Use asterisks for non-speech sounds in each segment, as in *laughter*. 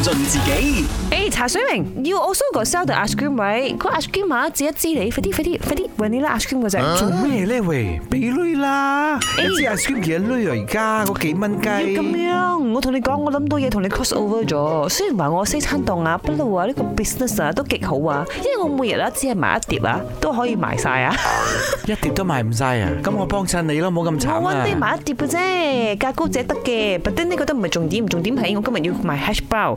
盡自己。哎，茶水明，要 also got sell the ice cream，喂，個 ice cream 買一支一支你，快啲快啲快啲，搵你拉 ice cream 嗰隻。做咩咧？喂，俾鐳啦。一支 ice cream 幾多鐳啊？而家嗰幾蚊雞。咁樣，我同你講，我諗到嘢同你 cross over 咗。雖然話我西餐檔啊，不過啊，呢個 business 啊都極好啊，因為我每日啊只係賣一碟啊，都可以賣晒啊。一碟都賣唔晒啊？咁我幫襯你咯，冇咁慘啊。我低賣一碟嘅啫，價高者得嘅。But then 呢個都唔係重點，重點係我今日要賣 hash brown。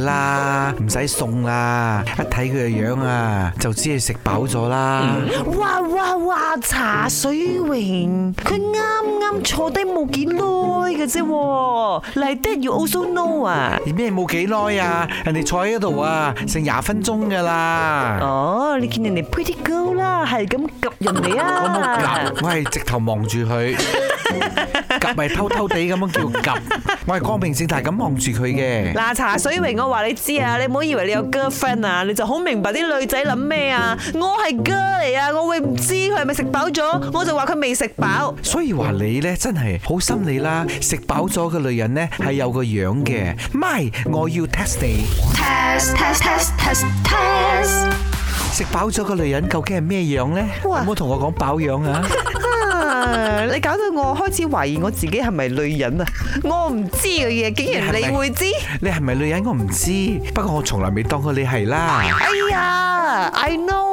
啦，唔使送啦，一睇佢個樣啊，就知佢食飽咗啦。哇哇哇，茶水榮，佢啱啱坐低冇幾耐嘅啫，嚟得要 also know 啊？而咩冇幾耐啊？人哋坐喺度啊，成廿、嗯、分鐘噶啦。哦，oh，你見人哋 pretty girl 啦，係咁夾人哋啊？我我係直頭望住佢。 *laughs* 夾咪 *laughs* 偷偷地咁樣叫夾， *laughs* 我係光明正大咁望住佢嘅。嗱，茶水榮，我話你知啊，你唔好以為你有 girlfriend 啊，你就好明白啲女仔諗咩啊。我係 girl 嚟啊，我會唔知佢係咪食飽咗，我就話佢未食飽。所以話你咧真係好心理啦，食飽咗嘅女人咧係有個樣嘅。MY，我要 test 你。test test test test test。食飽咗嘅女人究竟係咩樣咧？唔好同我講飽樣啊。 *laughs* 誒！你搞到我開始懷疑我自己係咪女人啊！我唔知嘅嘢，竟然你，你會知？你係咪女人我唔知，不過我從來未當過你係啦。哎呀，I know。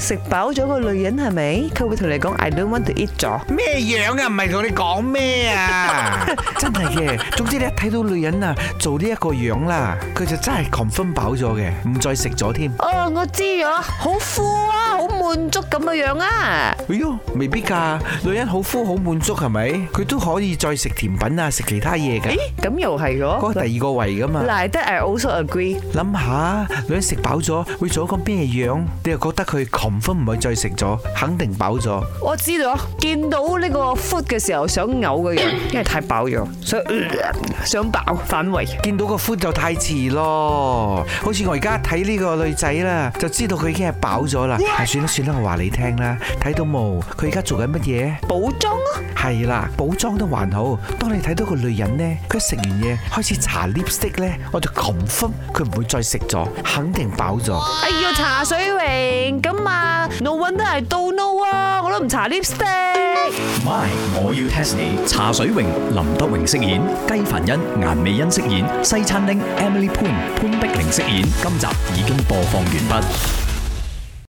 食飽咗個女人係咪？佢會同你講，I don't want to eat 咗咩樣啊？唔係同你講咩啊？真係嘅，總之你一睇到女人啊，做呢一個樣啦，佢就真係狂分飽咗嘅，唔再食咗添。哦，我知咗，好 full 啊，好滿足咁嘅樣啊。哎呦，未必㗎，女人好 full 好滿足係咪？佢都可以再食甜品啊，食其他嘢㗎。誒，咁又係喎。嗰個第二個位㗎嘛。Like，that I also agree。諗下，女人食飽咗會做一個咩樣？你又覺得佢窮？唔分唔會再食咗，肯定飽咗。我知道啊，見到呢個 food 嘅時候想嘔嘅人，因為太飽咗，呃，想想飽反胃。見到個 food 就太遲咯，好似我而家睇呢個女仔啦，就知道佢已經係飽咗啦。哎 Yeah.，啊，算啦算啦，我話你聽啦，睇到冇？佢而家做緊乜嘢？補妝咯，係啦，補妝都還好。當你睇到個女人呢，佢食完嘢開始搽 lipstick 咧，我就 confirm 佢唔會再食咗，肯定飽咗。Oh. 茶水榮咁啊，no one 都係 don't know 啊，no、know, 我都唔搽 lipstick。My，我要 test 你。茶水榮，林德榮飾演，雞凡欣、顏美欣飾演，西餐廳 Emily Poon，潘碧玲飾演。今集已經播放完畢。